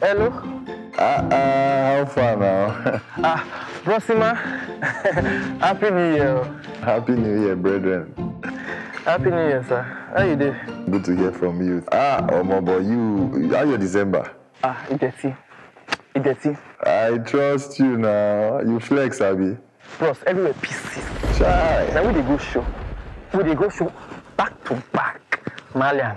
Hello. Ah, uh, uh, how far now? ah, Rosima, happy new year. Happy new year, brethren. Happy new year, sir. How you doing? Good to hear from you. Ah, Omo, Omobo, you, how you, December? Ah, Ijeti. Ijeti. I trust you now. You flex, Abi. Bros, everywhere pieces. Chai. Now we dey go show. We dey go show back to back. Malian,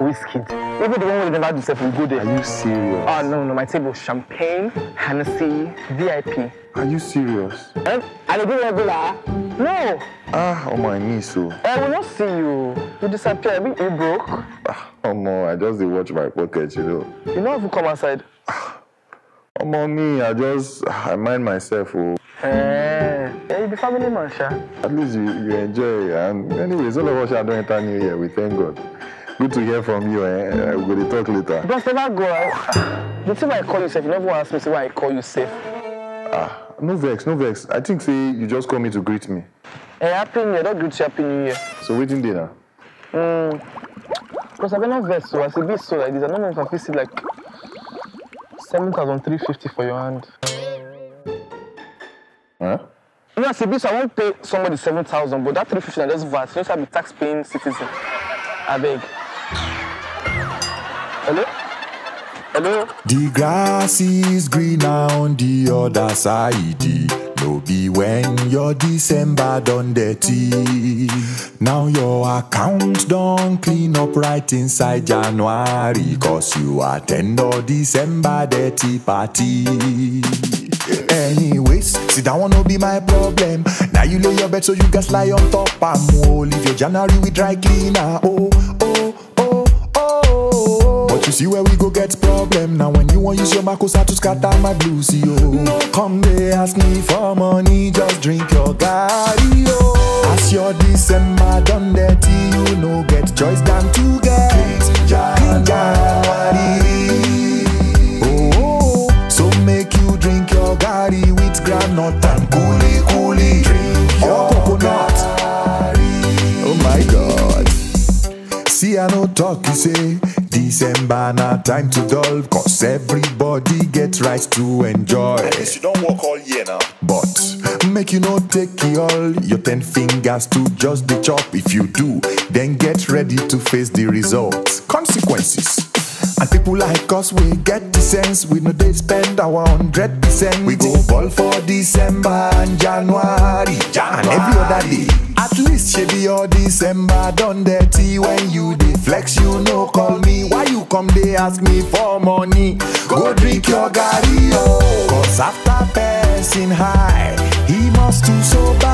whiskey. Even the one we never do self, we go there. Are you serious? Oh no, no, my table champagne, Hennessy, VIP. Are you serious? Um, and a good regular? No. Ah, oh my knee so. I will not see you. You disappear. You broke. Ah, oh my, I just did watch my pocket, you know. You know if you come outside. Ah, oh my, me, I just I mind myself. Oh. Hey, eh. eh, the family man, sha. At least you, you enjoy. And anyways, all of us are doing that new year. We thank God. Good to hear from you. Eh? Uh, we going talk later. Just never go out. The thing why I call you safe, you never ask me why I call you safe. Ah, no vex, no vex. I think, say, you just call me to greet me. Hey, eh, Happy New Year. Don't greet you Happy New Year. So, waiting dinner? Hmm. Because I been not vex, so I see this so like this. I don't know if I feel like fifty for your hand. Mm. Huh? Yes, it I won't pay somebody 7,000, but that 350 that's VAT, you should be tax paying citizen. I beg. Hello? Hello? The grass is greener on the other side. No be when your December done dirty. Now your account don't clean up right inside January. Cause you attend all December dirty party. Anyway. See, that one no be my problem. Now you lay your bed so you can lie on top. I'm oh, leave your January with dry cleaner. Oh, oh, oh, oh. oh. But you see where we go get problem. Now when you want use your makosa to scatter my blues, oh. No, come they ask me for money, just drink your gari, Oh, As your December done dirty, you no know, get choice than to get. talk, you say, December na time to dull, cause everybody get rights to enjoy. At least you don't work all year now. But, make you no take it all, your ten fingers to just the chop. If you do, then get ready to face the results. Consequences. And people like us, we get the sense. We know they spend our hundred percent. We go ball for December and January, January. and every other day. At least she be all December done dirty when you deflex you know, call me why you come they ask me for money go drink your gari cause after passing high he must do so bad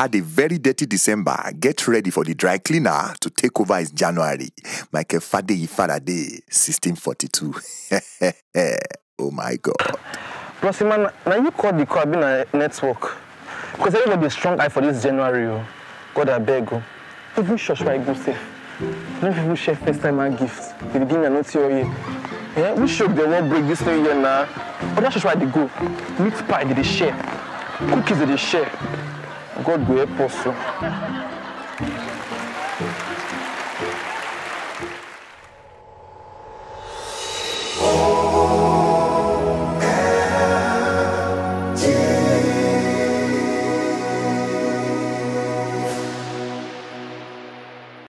had a very dirty December, get ready for the dry cleaner to take over his January. Michael Fadeyi Faraday, 1642. oh my God. Brosiman, now you call the Kabina network. Because I will be strong eye for this January. Oh. God, I beg you. Oh. Even church where I go safe. No people share first time our gifts. The beginning and not your year. Yeah, we shook the won't break this new year now. But that's just why they go. Meat pie, they share. Cookies, they share. goduje poslu.